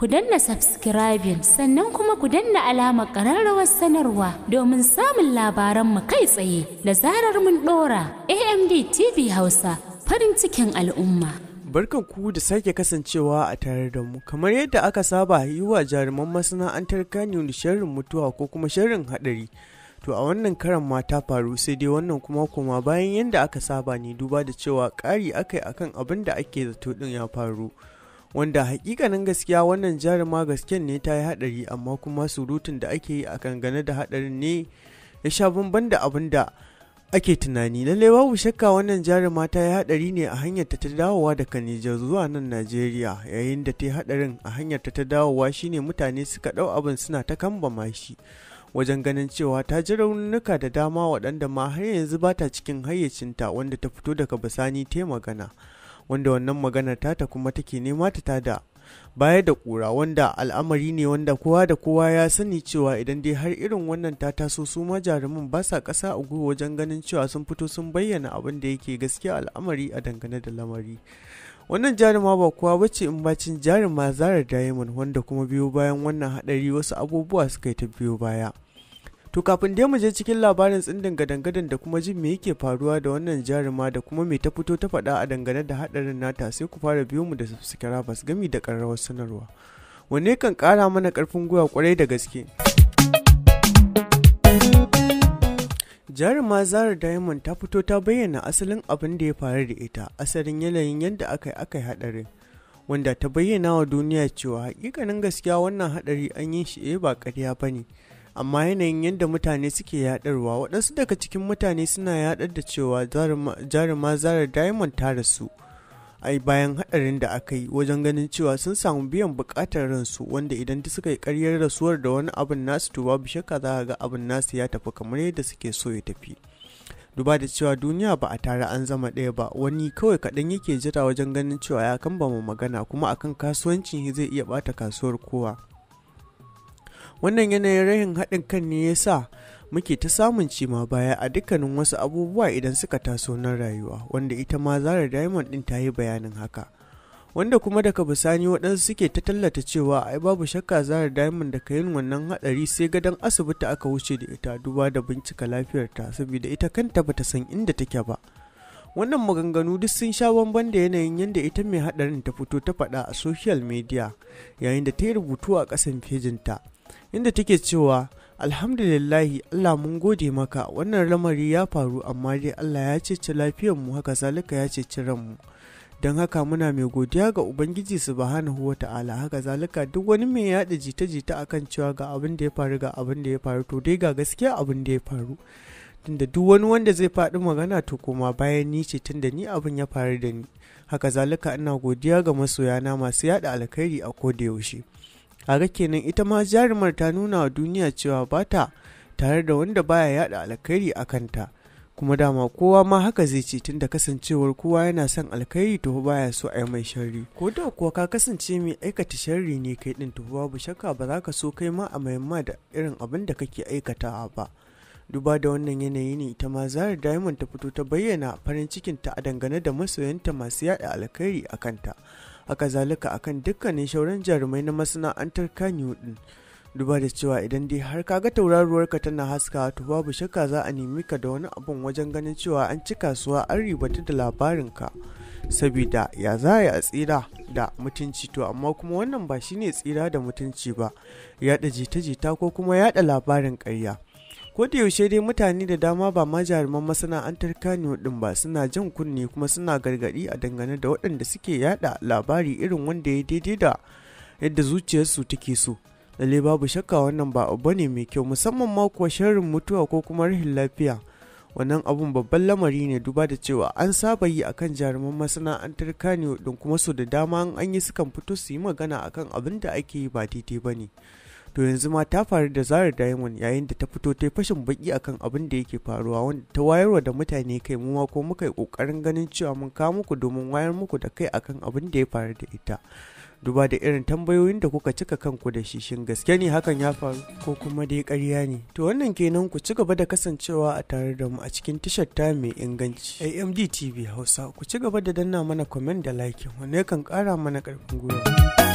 ku danna subscribing sannan kuma ku danna alamar ƙararrawar sanarwa domin samun labaranmu kai tsaye da zarar mun ɗora amd tv hausa farin cikin al'umma barkan ku da sake kasancewa a tare da mu kamar yadda aka saba yi wa jaruman masana'antar kaniyu da sharrin mutuwa ko kuma sharrin haɗari to a wannan karan ma ta faru sai dai wannan kuma kuma bayan yadda aka saba ne duba da cewa ƙari akai akan abin da ake zato ɗin ya faru wanda hakikanin gaskiya wannan jaruma gasken ne ta yi hadari amma kuma surutun da ake yi a gane da hadarin ne ya sha bamban da abin da ake tunani lalle babu shakka wannan jaruma ta yi hadari ne a hanyar ta dawowa daga Nijar zuwa nan Najeriya yayin da ta yi hadarin a hanyar ta dawowa shine mutane suka dau abin suna ta kambama shi wajen ganin cewa ta ji raunuka da dama waɗanda ma har yanzu ba ta cikin hayyacinta wanda ta fito daga bisani ta magana. wanda wannan maganar tata kuma take nema ta tada baya da kura wanda al'amari ne wanda kowa da kowa ya sani cewa idan dai har irin wannan ta taso su ma jarumin ba sa ƙasa a gwiwa wajen ganin cewa sun fito sun bayyana abin da yake gaskiya al'amari a dangane da lamari wannan jaruma ba kowa bace in bacin jaruma zarar diamond wanda kuma biyo bayan wannan hadari wasu abubuwa suka yi ta biyo baya To kafin dai mu je cikin labarin tsindin gadangadan da kuma jin me yake faruwa da wannan jarima da kuma mai ta fito ta faɗa a dangane da haɗarin nata sai ku fara biyo mu da subscribers gami da ƙararrawar sanarwa. Wanne kan ƙara mana ƙarfin gwiwa ƙwarai da gaske. jaruma zara diamond ta fito ta bayyana asalin abin da ya faru da ita asalin yanayin yadda aka yi aka yi haɗarin wanda ta bayyana wa duniya cewa hakikanin gaskiya wannan haɗari an yi shi eh, ba ƙarya ba amma yanayin yadda mutane suke yadarwa waɗansu daga cikin mutane suna yadar da cewa jaruma zarar diamond ta rasu ai bayan haɗarin da aka yi wajen ganin cewa sun samu biyan buƙatar ransu wanda idan ta suka yi karyar rasuwar da wani abin nasu to babu shakka za ga abin nasu ya tafi kamar yadda suke so ya tafi duba da cewa duniya ba a tare an zama ɗaya ba wani kawai kaɗan yake jira wajen ganin cewa ya kambama magana kuma akan kasuwancin zai iya bata kasuwar kowa wannan yanayin rahin haɗin kan ne ya sa muke ta samun cima baya a dukkanin wasu abubuwa idan suka taso nan rayuwa wanda ita ma zara diamond din ta yi bayanin haka wanda kuma daga bisani waɗansu suke ta tallata cewa ai babu shakka zara diamond daga yin wannan haɗari sai gadon asibiti aka wuce da ita duba da bincika lafiyarta saboda ita kanta bata san inda take ba wannan maganganu duk sun sha bamban da yanayin yadda ita mai haɗarin ta fito ta faɗa a social media yayin da ta yi rubutu a ƙasan fejinta inda take cewa alhamdulillahi allah mun gode maka wannan lamari ya faru amma dai allah ya ceci lafiyarmu haka zalika ya ceci ranmu don haka muna mai godiya ga ubangiji su subhanahu wa ta'ala haka zalika duk wani mai yada jita-jita akan cewa ga abin da ya faru ga abin da ya faru to dai ga gaskiya abin da ya faru tunda duk wani wanda zai faɗi magana to koma bayan ni ce tunda ni abin ya faru da ni haka zalika ina godiya ga masoyana masu yada alkhairi a koda yaushe kaga kenan ita ma jarumar ta nuna wa duniya cewa ba ta tare da wanda baya yada alkhairi a kanta kuma dama kowa ma haka zai ce da kasancewar kowa yana son alkhairi to baya so a yi mai sharri ko da kuwa ka kasance mai aikata sharri ne kai din to babu shakka ba za ka so kai ma a mayamma da irin abin da kake aikatawa ba duba da wannan yanayi ne ita ma zara diamond ta fito ta bayyana farin cikinta a dangane da masoyanta masu yada alkhairi a kanta haka zalika akan dukkanin shauran jarumai na masana'antar kanyu din duba da cewa idan dai har ka ga tauraruwarka tana haska to babu shakka za a nemi ka da wani abun wajen ganin cewa an ci kasuwa an ribata da labarin ka. sabida ya za a tsira da mutunci to amma kuma wannan ba shine tsira da mutunci ba yaɗa jita-jita ko kuma yaɗa labarin ƙarya ko yaushe dai mutane da dama ba ma jaruman masana'antar kano din ba suna jin kunne kuma suna gargadi a dangane da waɗanda suke yada labari irin wanda ya daidai da yadda zuciyarsu take so lalle babu shakka wannan ba abu ne mai kyau musamman ma kuwa sharrin mutuwa ko kuma rahin lafiya wannan abun babban lamari ne duba da cewa an saba yi akan jaruman masana'antar kano din kuma so da dama an yi sukan fito su yi magana akan abin da ake yi ba daidai ba ne to yanzu ma ta faru da zarar diamond yayin da ta fito ta yi fashin baki akan abin da yake faruwa wanda ta wayarwa da mutane kai mu ma ko muka yi kokarin ganin cewa mun kawo muku domin wayar muku da kai akan abin da ya faru da ita duba da irin tambayoyin da kuka cika kanku da shi shin gaske ne hakan ya faru ko kuma dai ƙarya ne to wannan kenan ku ci gaba da kasancewa a tare da mu a cikin tashar ta mai inganci amd tv hausa ku ci gaba da danna mana comment da like wanda kan kara mana karfin gwiwa